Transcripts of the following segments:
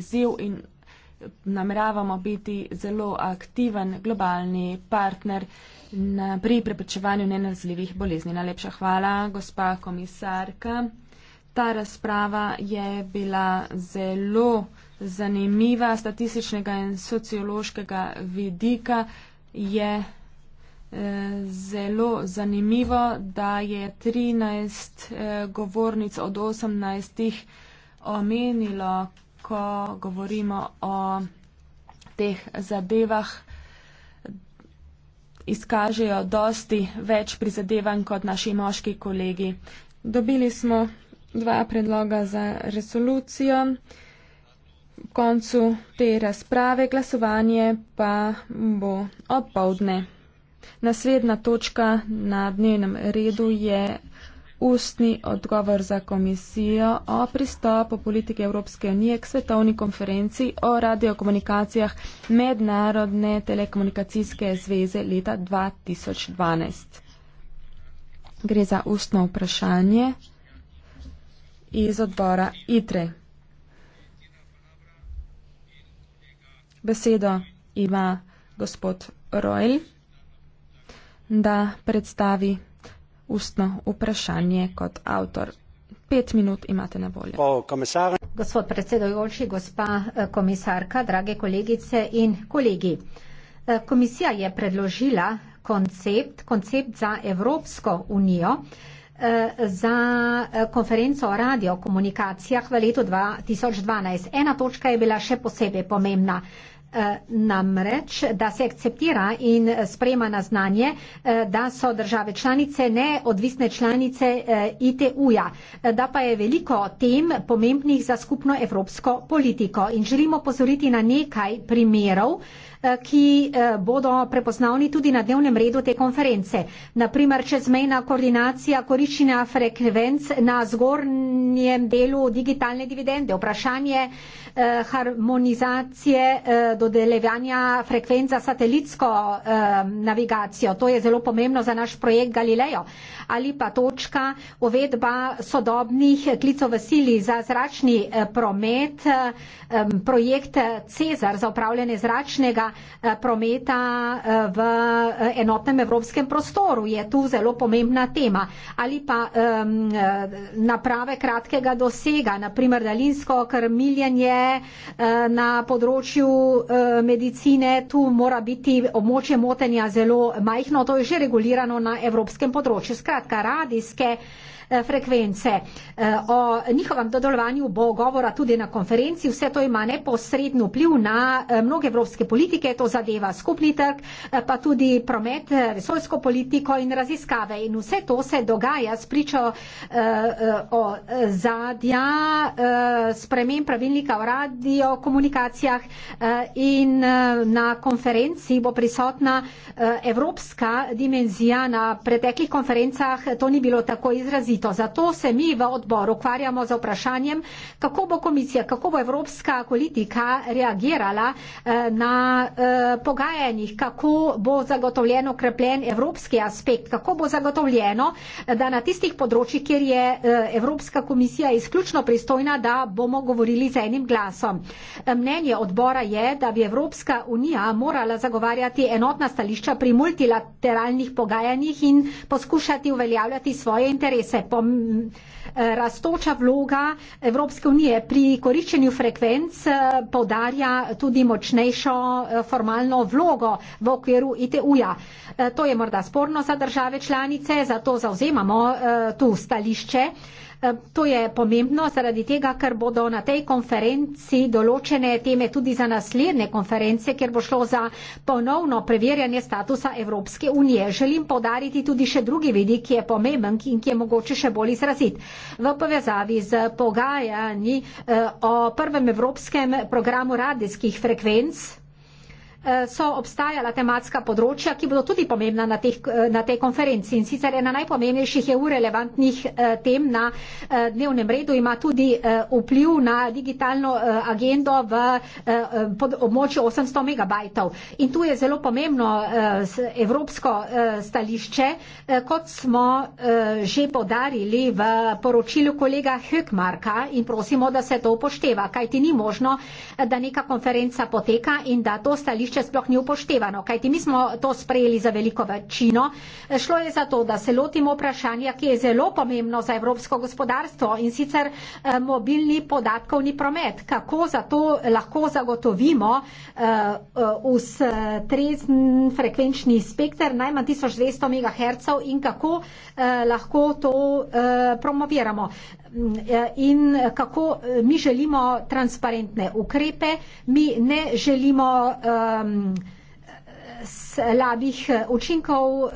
izziv in nameravamo biti zelo aktiven globalni partner na, pri preprečevanju nenazljivih bolezni. Najlepša hvala, gospa komisarka. Ta razprava je bila zelo zanimiva statističnega in sociološkega vidika. Je eh, Zelo zanimivo, da je 13 eh, govornic od 18 omenilo, ko govorimo o teh zadevah, izkažejo dosti več prizadevanj kot naši moški kolegi. Dobili smo dva predloga za resolucijo. V koncu te razprave glasovanje pa bo opovdne. Naslednja točka na dnevnem redu je ustni odgovor za komisijo o pristopu politike Evropske unije k svetovni konferenci o radiokomunikacijah Mednarodne telekomunikacijske zveze leta 2012. Gre za ustno vprašanje iz odbora ITRE. Besedo ima gospod Rojl, da predstavi ustno vprašanje kot avtor. Pet minut imate na voljo. Gospod predsedojoči, gospa eh, komisarka, drage kolegice in kolegi. Eh, komisija je predložila koncept, koncept za Evropsko unijo eh, za konferenco o radiokomunikacijah v letu 2012. Ena točka je bila še posebej pomembna. Eh, namreč, da se akceptira in sprejema na znanje, eh, da so države članice neodvisne članice eh, ITU-ja, da pa je veliko tem pomembnih za skupno evropsko politiko. In želimo pozoriti na nekaj primerov, ki bodo prepoznavni tudi na dnevnem redu te konference. Naprimer, čezmejna koordinacija koriščenja frekvenc na zgornjem delu digitalne dividende, vprašanje harmonizacije dodeljevanja frekvenca satelitsko eh, navigacijo. To je zelo pomembno za naš projekt Galileo. Ali pa točka uvedba sodobnih klicov v sili za zračni eh, promet, eh, projekt Cezar za upravljanje zračnega eh, prometa eh, v eh, enotnem evropskem prostoru je tu zelo pomembna tema. Ali pa eh, naprave kratkega dosega, naprimer daljinsko krmiljenje eh, na področju Eh, medicine, tu mora biti območje motenja zelo majhno, to je že regulirano na evropskem področju. Skratka, radijske eh, frekvence. Eh, o njihovem dodelovanju bo govora tudi na konferenci. Vse to ima neposreden vpliv na mnoge evropske politike, to zadeva skupni trg, pa tudi promet, vesoljsko politiko in raziskave. In vse to se dogaja s pričo o zadnja sprememb pravilnika o radiokomunikacijah in eh, na konferenci bo prisotna eh, evropska dimenzija. Na preteklih konferencah to ni bilo tako izrazito. Zato se mi v odboru ukvarjamo z vprašanjem, kako bo komisija, kako bo evropska politika reagirala eh, na pogajanjih, kako bo zagotovljen okrepljen evropski aspekt, kako bo zagotovljeno, da na tistih področjih, kjer je Evropska komisija izključno pristojna, da bomo govorili z enim glasom. Mnenje odbora je, da bi Evropska unija morala zagovarjati enotna stališča pri multilateralnih pogajanjih in poskušati uveljavljati svoje interese. Pom eh, Rastoča vloga Evropske unije pri koriščenju frekvenc eh, podarja tudi močnejšo eh, formalno vlogo v okviru ITU-ja. To je morda sporno za države članice, zato zauzemamo tu stališče. To je pomembno zaradi tega, ker bodo na tej konferenci določene teme tudi za naslednje konference, kjer bo šlo za ponovno preverjanje statusa Evropske unije. Želim podariti tudi še drugi vidik, ki je pomemben in ki je mogoče še bolj izrazit. V povezavi z pogajanji eh, o prvem evropskem programu radijskih frekvenc Eh, so obstajala tematska področja, ki bodo tudi pomembna na, teh, eh, na tej konferenci. In sicer ena najpomembnejših EU relevantnih eh, tem na dnevnem redu ima tudi vpliv na digitalno agendo v območju 800 megabajtov. In tu je zelo pomembno evropsko stališče, kot smo že podarili v poročilu kolega Hökmarka in prosimo, da se to upošteva, kajti ni možno, da neka konferenca poteka in da to stališče stališče sploh ni upoštevano, kajti mi smo to sprejeli za veliko večino. Šlo je za to, da se lotimo vprašanja, ki je zelo pomembno za evropsko gospodarstvo in sicer eh, mobilni podatkovni promet. Kako za to lahko zagotovimo eh, eh, ustrezen frekvenčni spektr najmanj 1200 MHz in kako lahko to promoviramo. In kako mi želimo transparentne ukrepe, mi ne želimo uh, um, slabih eh, učinkov uh,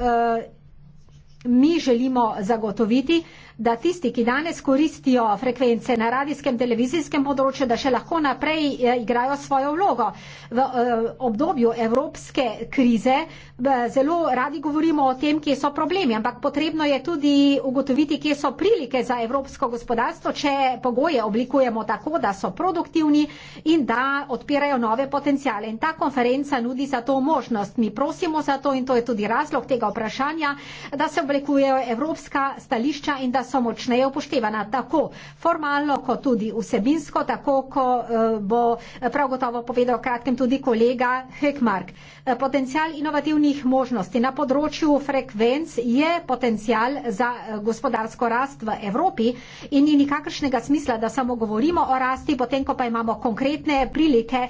mi želimo zagotoviti, uh, da tisti, ki danes koristijo frekvence na radijskem, televizijskem področju, da še lahko naprej eh, igrajo svojo vlogo. V eh, obdobju evropske krize eh, zelo radi govorimo o tem, kje so problemi, ampak potrebno je tudi ugotoviti, kje so prilike za evropsko gospodarstvo, če pogoje oblikujemo tako, da so produktivni in da odpirajo nove potencijale. In ta konferenca nudi za to možnost. Mi prosimo za to in to je tudi razlog tega vprašanja, da se oblikujejo evropska stališča in da so močneje upoštevana, tako formalno, kot tudi vsebinsko, tako kot eh, bo eh, prav gotovo povedal kratkem tudi kolega Hekmark. Eh, potencial inovativnih možnosti na področju frekvenc je potencial za gospodarsko rast v Evropi in ni nikakršnega smisla, da samo govorimo o rasti, potem, ko pa imamo konkretne prilike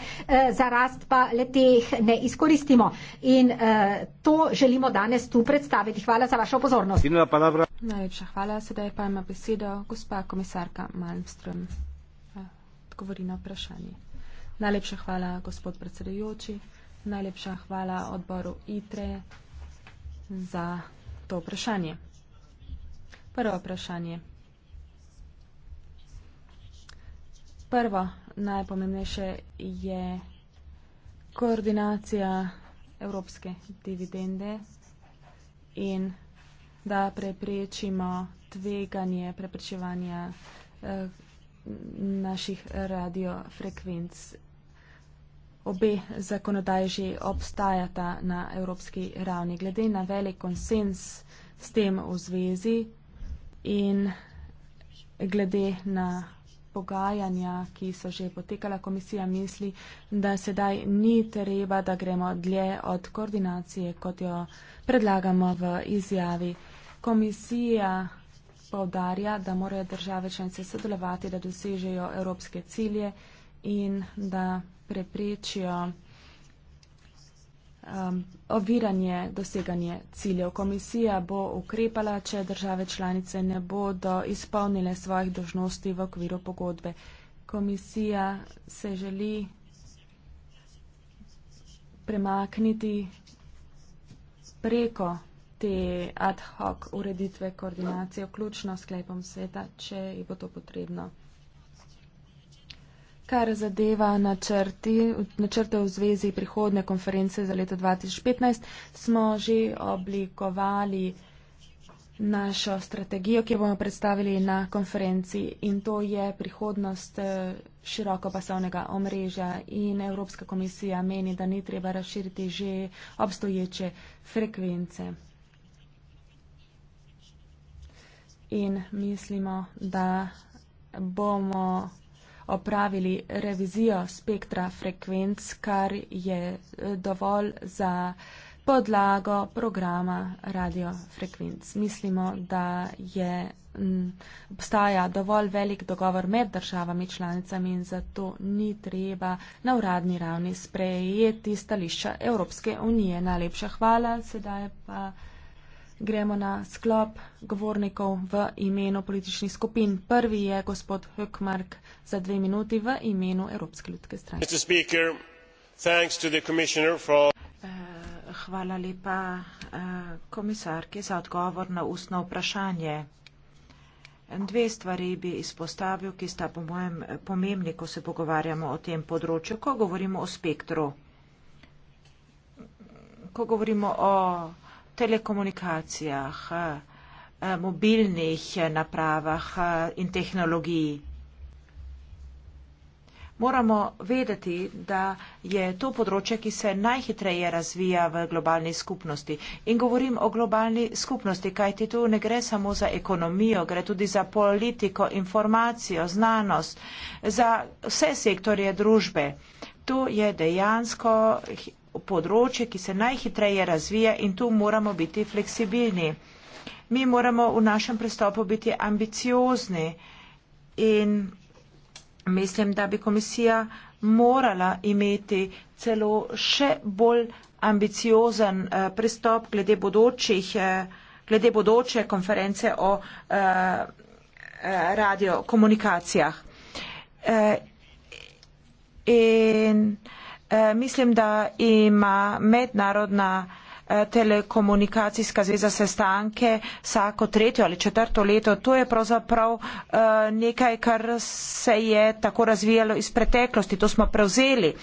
za rast, pa le teh ne izkoristimo. In to želimo danes tu predstaviti. Hvala za vašo pozornost. Najlepša hvala. Sedaj. Zdaj pa ima besedo gospa komisarka Malmström. Odgovori na vprašanje. Najlepša hvala, gospod predsedujoči. Najlepša hvala odboru ITRE za to vprašanje. Prvo vprašanje. Prvo najpomembnejše je koordinacija evropske dividende in da preprečimo tveganje preprečevanja eh, naših radiofrekvenc. Obe zakonodaji že obstajata na evropski ravni, glede na velik konsens s tem v zvezi in glede na pogajanja, ki so že potekala, komisija misli, da sedaj ni treba, da gremo dlje od koordinacije, kot jo predlagamo v izjavi. Komisija povdarja, da morajo države članice sodelovati, da dosežejo evropske cilje in da preprečijo um, oviranje doseganje ciljev. Komisija bo ukrepala, če države članice ne bodo izpolnile svojih dožnosti v okviru pogodbe. Komisija se želi premakniti preko te ad hoc ureditve koordinacije, vključno s sklepom sveta, če je bo to potrebno. Kar zadeva načrti, načrte v zvezi prihodne konference za leto 2015, smo že oblikovali našo strategijo, ki jo bomo predstavili na konferenci in to je prihodnost eh, širokopasovnega omrežja in Evropska komisija meni, da ni treba razširiti že obstoječe frekvence. in mislimo, da bomo opravili revizijo spektra frekvenc, kar je eh, dovolj za podlago programa radiofrekvenc. Mislimo, da je, obstaja dovolj velik dogovor med državami članicami in zato ni treba na uradni ravni sprejeti stališča Evropske unije. Najlepša hvala, sedaj pa. Gremo na sklop govornikov v imenu političnih skupin. Prvi je gospod Hökmark za dve minuti v imenu Evropske ljudske stranke. Eh, hvala lepa eh, komisarki za odgovor na ustno vprašanje. Dve stvari bi izpostavil, ki sta po mojem eh, pomembni, ko se pogovarjamo o tem področju, ko govorimo o spektru. Ko govorimo o telekomunikacijah, eh, mobilnih eh, napravah eh, in tehnologiji. Moramo vedeti, da je to področje, ki se najhitreje razvija v globalni skupnosti. In govorim o globalni skupnosti, kajti tu ne gre samo za ekonomijo, gre tudi za politiko, informacijo, znanost, za vse sektorje družbe. Tu je dejansko področje, ki se najhitreje razvija in tu moramo biti fleksibilni. Mi moramo v našem pristopu biti ambiciozni in mislim, da bi komisija morala imeti celo še bolj ambiciozen eh, pristop glede, bodočih, eh, glede bodoče konference o eh, eh radiokomunikacijah. Eh, E, mislim, da ima mednarodna e, telekomunikacijska zveza sestanke vsako tretjo ali četrto leto. To je pravzaprav e, nekaj, kar se je tako razvijalo iz preteklosti. To smo prevzeli.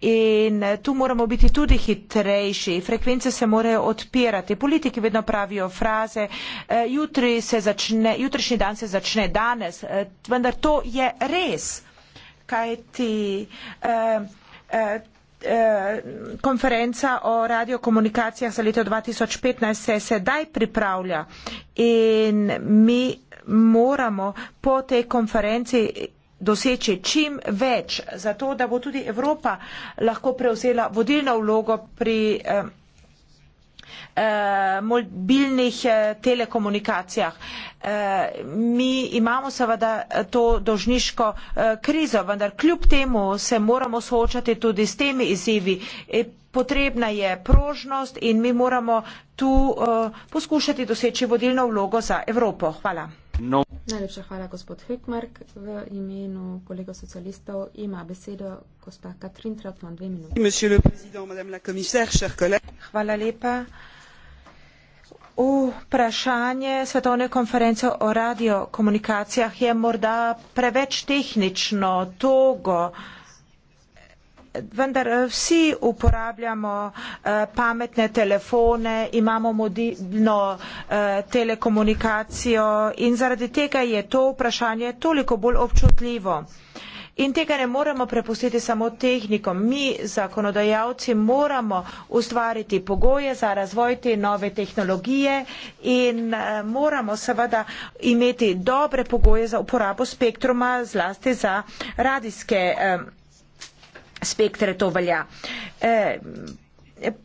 In tu moramo biti tudi hitrejši. Frekvence se morajo odpirati. Politiki vedno pravijo fraze, jutri se začne, jutrišnji dan se začne danes. Vendar to je res. Kaj ti, eh, konferenca o radiokomunikacijah za leto 2015 se je sedaj pripravlja in mi moramo po tej konferenci doseči čim več, zato da bo tudi Evropa lahko prevzela vodilno vlogo pri eh, Eh, mobilnih eh, telekomunikacijah. Eh, mi imamo seveda to dožniško krizo, vendar kljub temu se moramo soočati tudi s temi izzivi. E, potrebna je prožnost in mi moramo tu poskušati doseči vodilno vlogo za Evropo. Hvala. No. Najlepša hvala, gospod Hekmark. V imenu kolega socialistov ima besedo gospa Katrin Trautmann. Dve minuti. Hvala lepa. Uh, vprašanje svetovne konference o radiokomunikacijah je morda preveč tehnično, togo, vendar eh, vsi uporabljamo eh, pametne telefone, imamo modilno eh, telekomunikacijo in zaradi tega je to vprašanje toliko bolj občutljivo. In tega ne moremo prepustiti samo tehnikom. Mi, zakonodajalci, moramo ustvariti pogoje za razvoj te nove tehnologije in eh, moramo seveda imeti dobre pogoje za uporabo spektruma, zlasti za radijske eh, spektre to velja. Eh,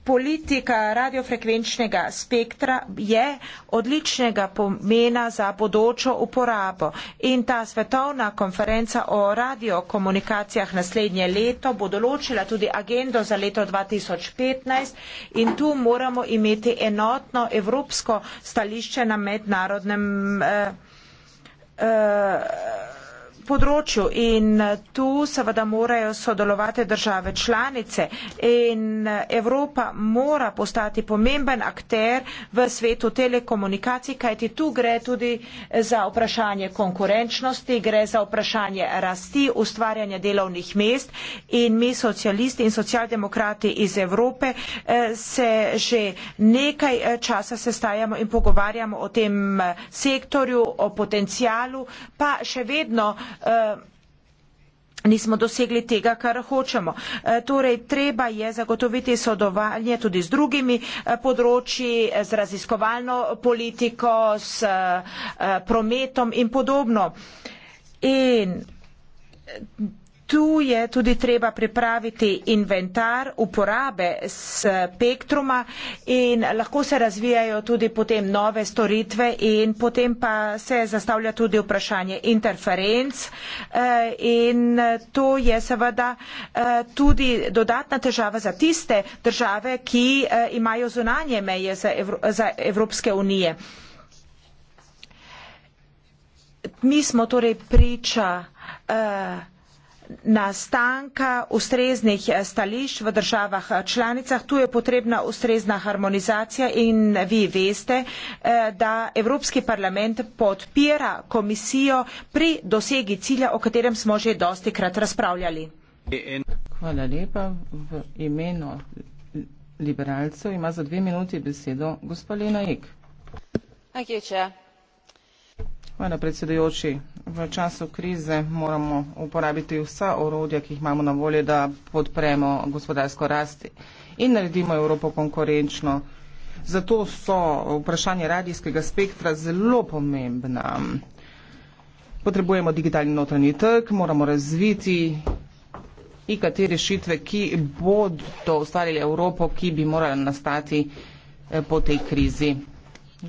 politika radiofrekvenčnega spektra je odličnega pomena za bodočo uporabo in ta svetovna konferenca o radiokomunikacijah naslednje leto bo določila tudi agendo za leto 2015 in tu moramo imeti enotno evropsko stališče na mednarodnem. Eh, eh, področju in tu seveda morajo sodelovati države članice in Evropa mora postati pomemben akter v svetu telekomunikacij, kajti tu gre tudi za vprašanje konkurenčnosti, gre za vprašanje rasti, ustvarjanja delovnih mest in mi socialisti in socialdemokrati iz Evrope eh, se že nekaj eh, časa sestajamo in pogovarjamo o tem eh, sektorju, o potencijalu, pa še vedno uh, Eh, nismo dosegli tega, kar hočemo. Eh, torej, treba je zagotoviti sodovanje tudi z drugimi eh, področji, z raziskovalno politiko, s prometom in podobno. In Tu je tudi treba pripraviti inventar uporabe spektruma in lahko se razvijajo tudi potem nove storitve in potem pa se zastavlja tudi vprašanje interferenc eh, in to je seveda eh, tudi dodatna težava za tiste države, ki eh, imajo zunanje meje za Evropske unije. Mi smo torej priča nastanka ustreznih eh, stališč v državah eh, članicah. Tu je potrebna ustrezna harmonizacija in vi veste, eh, da Evropski parlament podpira komisijo pri dosegi cilja, o katerem smo že dosti krat razpravljali. Hvala lepa. V imenu liberalcev ima za dve minuti besedo gospod Lena Ek. Thank you, Chair. Vajno, predsedujoči, v času krize moramo uporabiti vsa orodja, ki jih imamo na voljo, da podpremo gospodarsko rasti in naredimo Evropo konkurenčno. Zato so vprašanje radijskega spektra zelo pomembna. Potrebujemo digitalni notranji trg, moramo razviti in katere rešitve, ki bodo ustvarjali Evropo, ki bi morala nastati eh, po tej krizi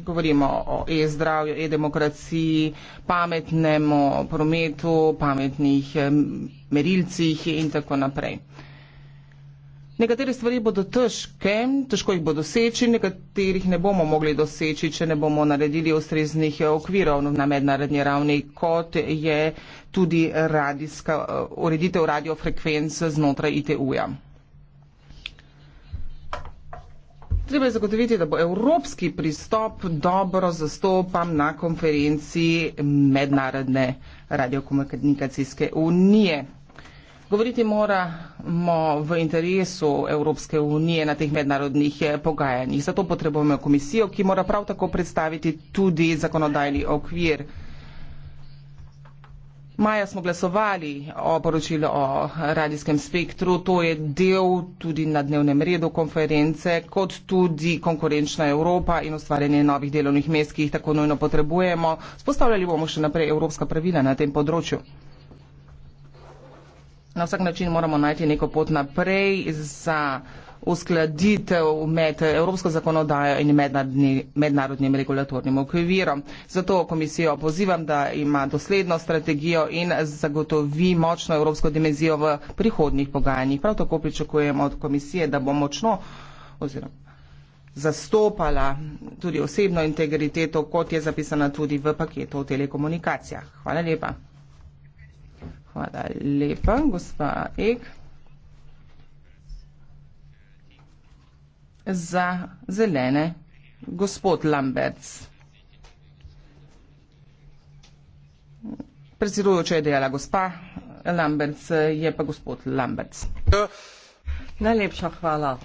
govorimo o e-zdravju, e-demokraciji, pametnem prometu, pametnih eh, merilcih in tako naprej. Nekatere stvari bodo težke, težko jih bo doseči, nekaterih ne bomo mogli doseči, če ne bomo naredili ustreznih eh, okvirov na mednarodni ravni, kot je tudi radijska, eh, ureditev radiofrekvence znotraj ITU-ja. Treba je zagotoviti, da bo evropski pristop dobro zastopan na konferenciji Mednarodne radiokomunikacijske unije. Govoriti moramo v interesu Evropske unije na teh mednarodnih eh, pogajanjih. Zato potrebujemo komisijo, ki mora prav tako predstaviti tudi zakonodajni okvir. Maja smo glasovali o poročilu o radijskem spektru. To je del tudi na dnevnem redu konference, kot tudi konkurenčna Evropa in ustvarjanje novih delovnih mest, ki jih tako nujno potrebujemo. Spostavljali bomo še naprej evropska pravila na tem področju. Na vsak način moramo najti neko pot naprej za uskladitev med evropsko zakonodajo in mednarodnim regulatornim okvirom. Zato komisijo pozivam, da ima dosledno strategijo in zagotovi močno evropsko dimenzijo v prihodnih pogajanjih. Prav tako pričakujemo od komisije, da bo močno oziroma zastopala tudi osebno integriteto, kot je zapisana tudi v paketu o telekomunikacijah. Hvala lepa. Hvala lepa, gospa Ek. za zelene gospod Lamberts. Predsedujoča je dejala gospa Lamberts, je pa gospod Lamberts. Najlepša hvala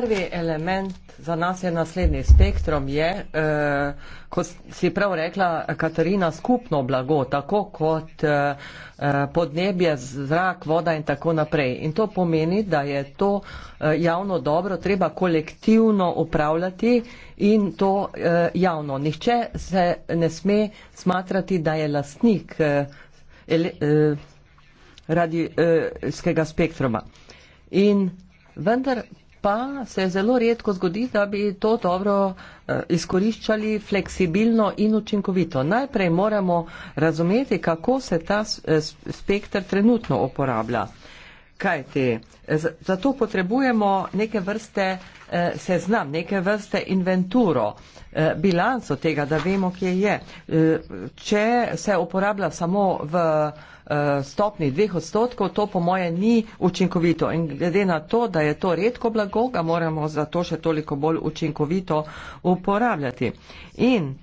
prvi element za nas je naslednji spektrum, je, eh, kot si prav rekla, Katarina, skupno blago, tako kot eh, eh, podnebje, zrak, voda in tako naprej. In to pomeni, da je to eh, javno dobro, treba kolektivno upravljati in to eh, javno. Nihče se ne sme smatrati, da je lastnik eh, eh, radijskega eh, spektruma. In vendar pa se zelo redko zgodi, da bi to dobro eh, izkoriščali fleksibilno in učinkovito. Najprej moramo razumeti, kako se ta eh, spektr trenutno uporablja kaj ti? Zato potrebujemo neke vrste eh, seznam, neke vrste inventuro, eh, bilanco tega, da vemo, kje je. Eh, če se uporablja samo v stopni dveh odstotkov, to po moje ni učinkovito. In glede na to, da je to redko blago, ga moramo zato še toliko bolj učinkovito uporabljati. In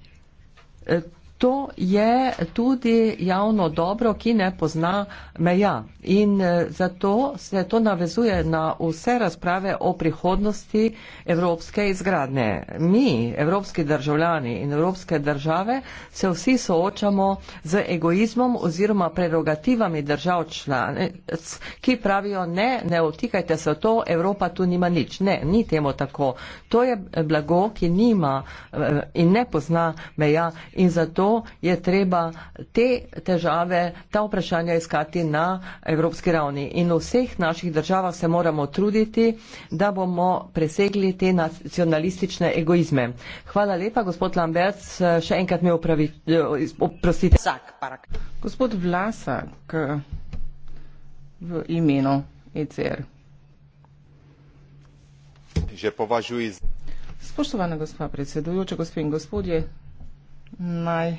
To je tudi javno dobro, ki ne pozna meja. In eh, zato se to navezuje na vse razprave o prihodnosti evropske izgradne. Mi, evropski državljani in evropske države, se vsi soočamo z egoizmom oziroma prerogativami držav članic, ki pravijo ne, ne otikajte se v to, Evropa tu nima nič. Ne, ni temu tako. To je blago, ki nima eh, in ne pozna meja. In zato je treba te težave, ta vprašanja iskati na evropski ravni. In v vseh naših državah se moramo truditi, da bomo presegli te nacionalistične egoizme. Hvala lepa, gospod Lamberts, še enkrat mi oprostite. Gospod Vlasak, v imenu ECR. Že považuji. Spoštovana gospa predsedujoča, gospe in gospodje, Naj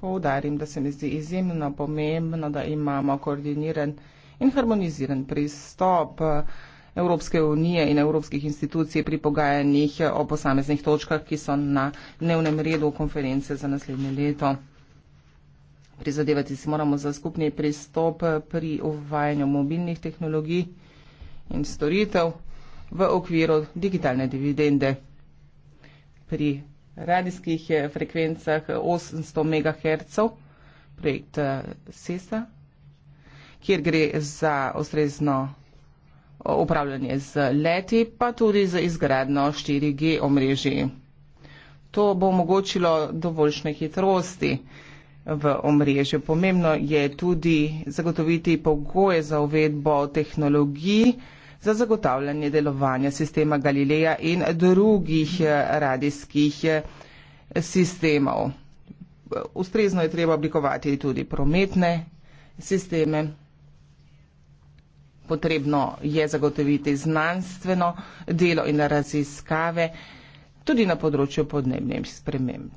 poudarim, da se mi zdi izjemno pomembno, da imamo koordiniran in harmoniziran pristop eh, Evropske unije in evropskih institucij pri pogajanjih eh, o posameznih točkah, ki so na dnevnem redu konference za naslednje leto. Prizadevati si moramo za skupni pristop eh, pri uvajanju mobilnih tehnologij in storitev v okviru digitalne dividende pri radijskih eh, frekvencah 800 MHz, projekt SESA, eh, kjer gre za ustrezno upravljanje z leti, pa tudi za izgradno 4G omrežji. To bo omogočilo dovoljšne hitrosti v omrežju. Pomembno je tudi zagotoviti pogoje za uvedbo tehnologij, za zagotavljanje delovanja sistema Galileja in drugih eh, radijskih eh, sistemov. Ustrezno je treba oblikovati tudi prometne sisteme. Potrebno je zagotoviti znanstveno delo in raziskave tudi na področju podnebnih sprememb.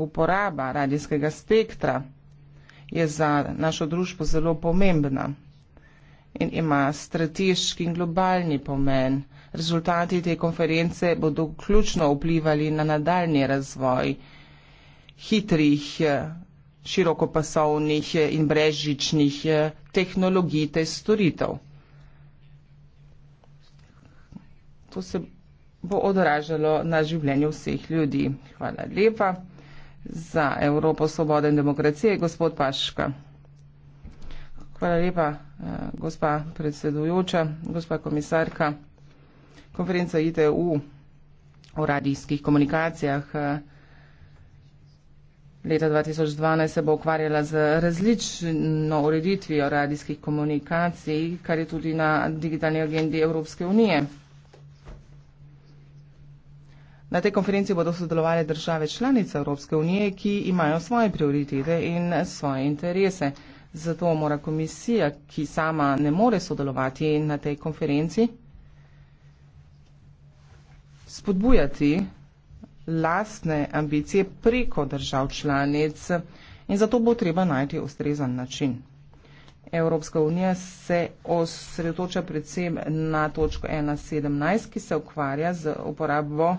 Uporaba radijskega spektra je za našo družbo zelo pomembna in ima strateški in globalni pomen. Rezultati te konference bodo ključno vplivali na nadaljni razvoj hitrih, širokopasovnih in brežičnih tehnologij te storitev. To se bo odražalo na življenju vseh ljudi. Hvala lepa za Evropo svobode in demokracije, gospod Paška. Hvala lepa, eh, gospa predsedujoča, gospa komisarka. Konferenca ITU e o radijskih komunikacijah eh, leta 2012 se bo ukvarjala z različno ureditvijo radijskih komunikacij, kar je tudi na digitalni agendi Evropske unije. Na tej konferenci bodo sodelovali države članice Evropske unije, ki imajo svoje prioritete in svoje interese. Zato mora komisija, ki sama ne more sodelovati na tej konferenci, spodbujati lastne ambicije preko držav članic in zato bo treba najti ustrezan način. Evropska unija se osredotoča predvsem na točko 1.17, ki se ukvarja z uporabo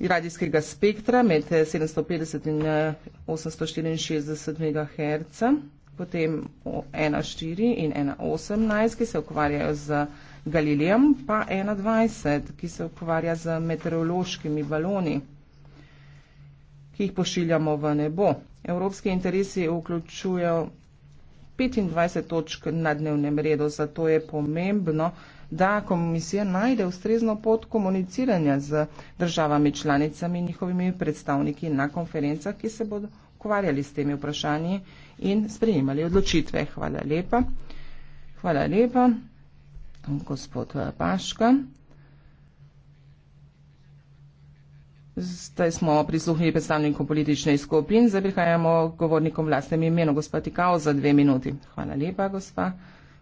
radijskega spektra med 750 eh, in 864 eh, MHz, potem 1.4 in 1.18, ki se ukvarjajo z Galilejem, pa 1.20, ki se ukvarja z meteorološkimi baloni, ki jih pošiljamo v nebo. Evropski interesi vključujejo 25 točk na dnevnem redu, zato je pomembno, da komisija najde ustrezno pot komuniciranja z državami članicami in njihovimi predstavniki na konferencah, ki se bodo ukvarjali s temi vprašanji in sprejemali odločitve. Hvala lepa. Hvala lepa, gospod Paška. Zdaj smo prisluhnili predstavnikom političnih skupin, zdaj prihajamo govornikom vlastnem imenu, gospa Tikao, za dve minuti. Hvala lepa, gospa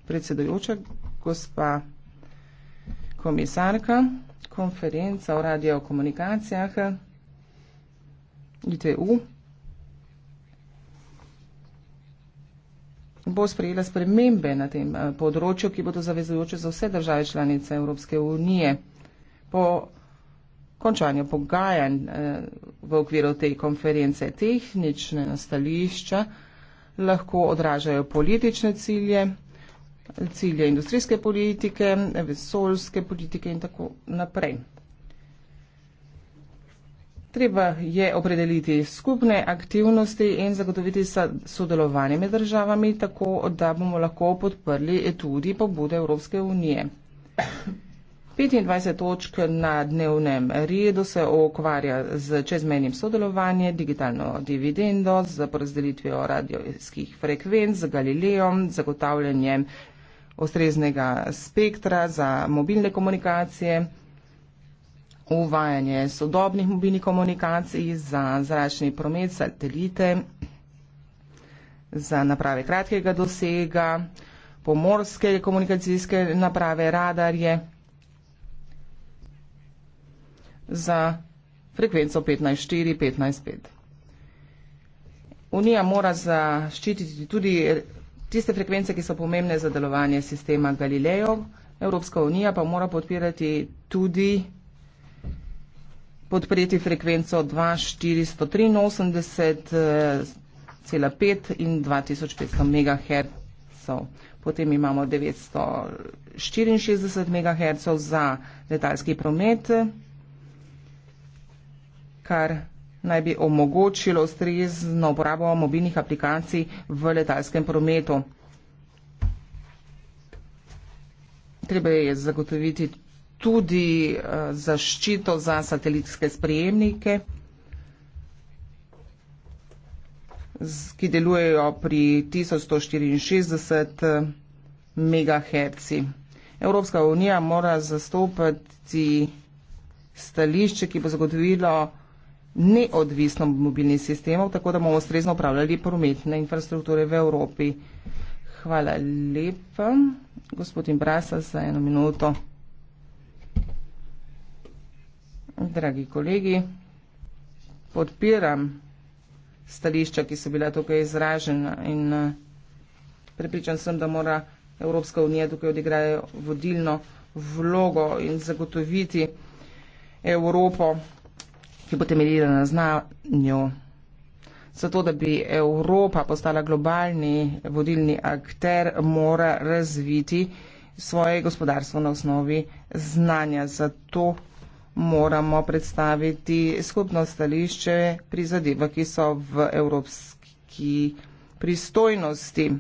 predsedujoča, gospa komisarka, konferenca o radiokomunikacijah ITU. bo sprejela spremembe na tem eh, področju, ki bodo zavezujoče za vse države članice Evropske unije. Po končanju pogajanj eh, v okviru te konference tehnične nastališča lahko odražajo politične cilje, cilje industrijske politike, vesoljske politike in tako naprej. Treba je opredeliti skupne aktivnosti in zagotoviti sodelovanje med državami, tako da bomo lahko podprli tudi pobude Evropske unije. 25 točk na dnevnem redu se okvarja z čezmenjim sodelovanjem, digitalno dividendo, z porazdelitvijo radijskih frekvenc, z Galileom, z zagotavljanjem ostreznega spektra za mobilne komunikacije, uvajanje sodobnih mobilnih komunikacij za zračni promet, satelite, za naprave kratkega dosega, pomorske komunikacijske naprave, radarje za frekvenco 15.4.15.5. Unija mora zaščititi tudi tiste frekvence, ki so pomembne za delovanje sistema Galileo. Evropska unija pa mora podpirati tudi podpreti frekvenco 2483,5 eh, in 2500 MHz. Potem imamo 964 MHz za letalski promet, kar naj bi omogočilo ustrezno uporabo mobilnih aplikacij v letalskem prometu. Treba je zagotoviti tudi eh, zaščito za satelitske sprejemnike, ki delujejo pri 1164 eh, MHz. Evropska unija mora zastopati stališče, ki bo zagotovilo neodvisno od mobilnih sistemov, tako da bomo ustrezno upravljali prometne infrastrukture v Evropi. Hvala lepa, gospodin Brasa, za eno minuto. Dragi kolegi, podpiram stališča, ki so bila tukaj izražena in eh, prepričan sem, da mora Evropska unija tukaj odigrati vodilno vlogo in zagotoviti Evropo ki bo temeljila na znanju. Zato, da bi Evropa postala globalni vodilni akter, mora razviti svoje gospodarstvo na osnovi znanja. Zato moramo predstaviti skupno stališče pri zadevah, ki so v evropski pristojnosti.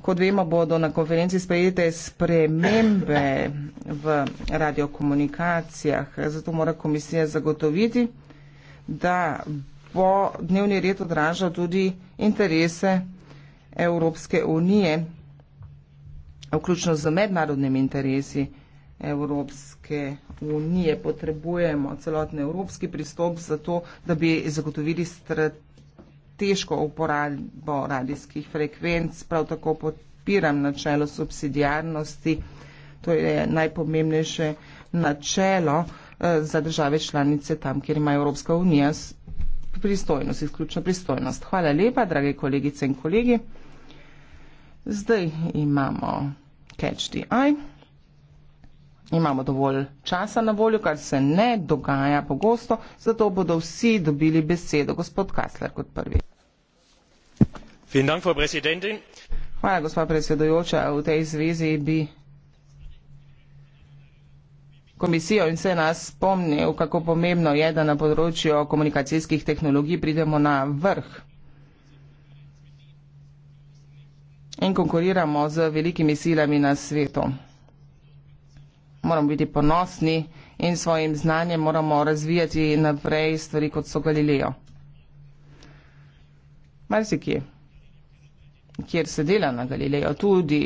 Kot vemo, bodo na konferenci sprejete spremembe v radiokomunikacijah. Zato mora komisija zagotoviti, da bo dnevni red odražal tudi interese Evropske unije, vključno z mednarodnimi interesi Evropske unije. Potrebujemo celotni evropski pristop za to, da bi zagotovili strategijo težko uporabo radijskih frekvenc, prav tako podpiram načelo subsidijarnosti, to je najpomembnejše načelo eh, za države članice tam, kjer ima Evropska unija pristojnost, izključno pristojnost. Hvala lepa, drage kolegice in kolegi. Zdaj imamo catch the eye imamo dovolj časa na voljo, kar se ne dogaja pogosto, zato bodo vsi dobili besedo. Gospod Kasler kot prvi. Hvala, gospod predsedujoča. V tej zvezi bi komisijo in vse nas spomnil, kako pomembno je, da na področju komunikacijskih tehnologij pridemo na vrh in konkuriramo z velikimi silami na svetu moramo biti ponosni in svojim znanjem moramo razvijati naprej stvari, kot so Galilejo. Marsikje, kjer se dela na Galilejo, tudi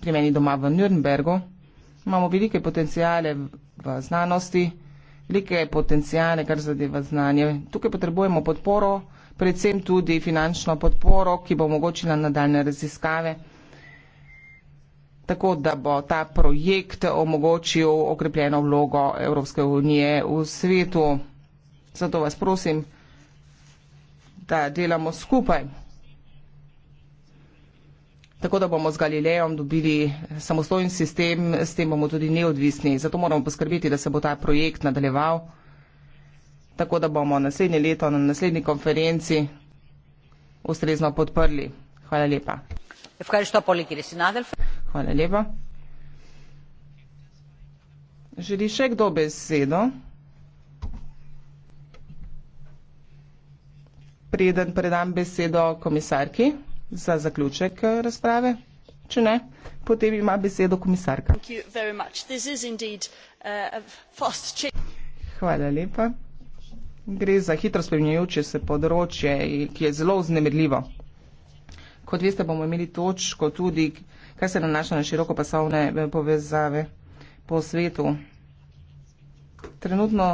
pri meni doma v Nürnbergu, imamo velike potencijale v znanosti, velike potencijale, kar zadeva znanje. Tukaj potrebujemo podporo, predvsem tudi finančno podporo, ki bo omogočila nadaljne raziskave tako da bo ta projekt omogočil okrepljeno vlogo Evropske unije v svetu. Zato vas prosim, da delamo skupaj. Tako da bomo z Galilejem dobili samostojen sistem, s tem bomo tudi neodvisni. Zato moramo poskrbeti, da se bo ta projekt nadaljeval. Tako da bomo naslednje leto na naslednji konferenci ustrezno podprli. Hvala lepa. Hvala lepa. Želi še kdo besedo? Preden predam besedo komisarki za zaključek eh, razprave. Če ne, potem ima besedo komisarka. Uh, Hvala lepa. Gre za hitro spremenjujoče se področje, ki je zelo vznemirljivo. Kot veste, bomo imeli točko tudi, kaj se nanaša na široko pasovne eh, povezave po svetu. Trenutno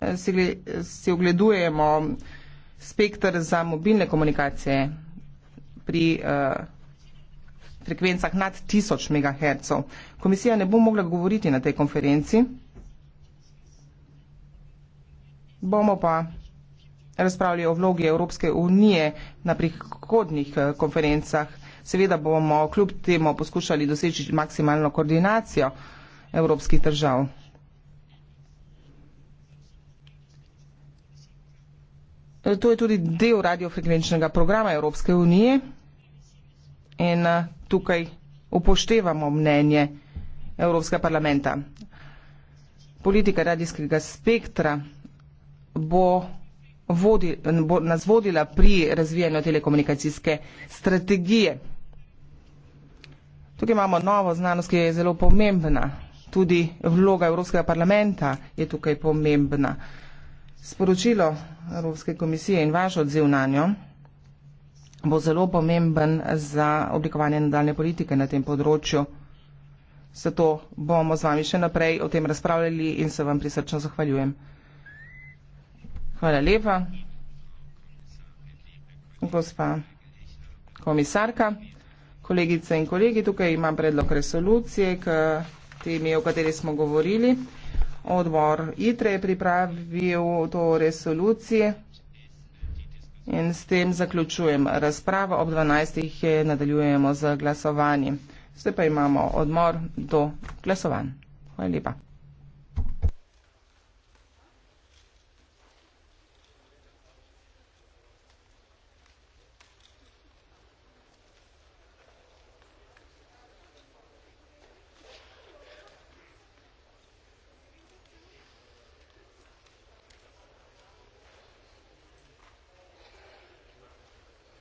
eh, si, si ogledujemo spektr za mobilne komunikacije pri uh, frekvencah nad 1000 MHz. Komisija ne bo mogla govoriti na tej konferenci. Bomo pa razpravljali o vlogi Evropske unije na prihodnih konferencah Seveda bomo kljub temu poskušali doseči maksimalno koordinacijo evropskih držav. To je tudi del radiofrekvenčnega programa Evropske unije in eh, tukaj upoštevamo mnenje Evropskega parlamenta. Politika radijskega spektra bo, vodi, bo nas vodila pri razvijanju telekomunikacijske strategije. Tukaj imamo novo znanost, ki je zelo pomembna. Tudi vloga Evropskega parlamenta je tukaj pomembna. Sporočilo Evropske komisije in vaš odziv na njo bo zelo pomemben za oblikovanje nadaljne politike na tem področju. Zato bomo z vami še naprej o tem razpravljali in se vam prisrčno zahvaljujem. Hvala lepa. Gospa komisarka. Kolegice in kolegi, tukaj imam predlog resolucije k temi, o kateri smo govorili. Odbor ITRE je pripravil to resolucijo in s tem zaključujem razpravo. Ob 12. nadaljujemo z glasovanjem. Zdaj pa imamo odmor do glasovanj. Hvala lepa.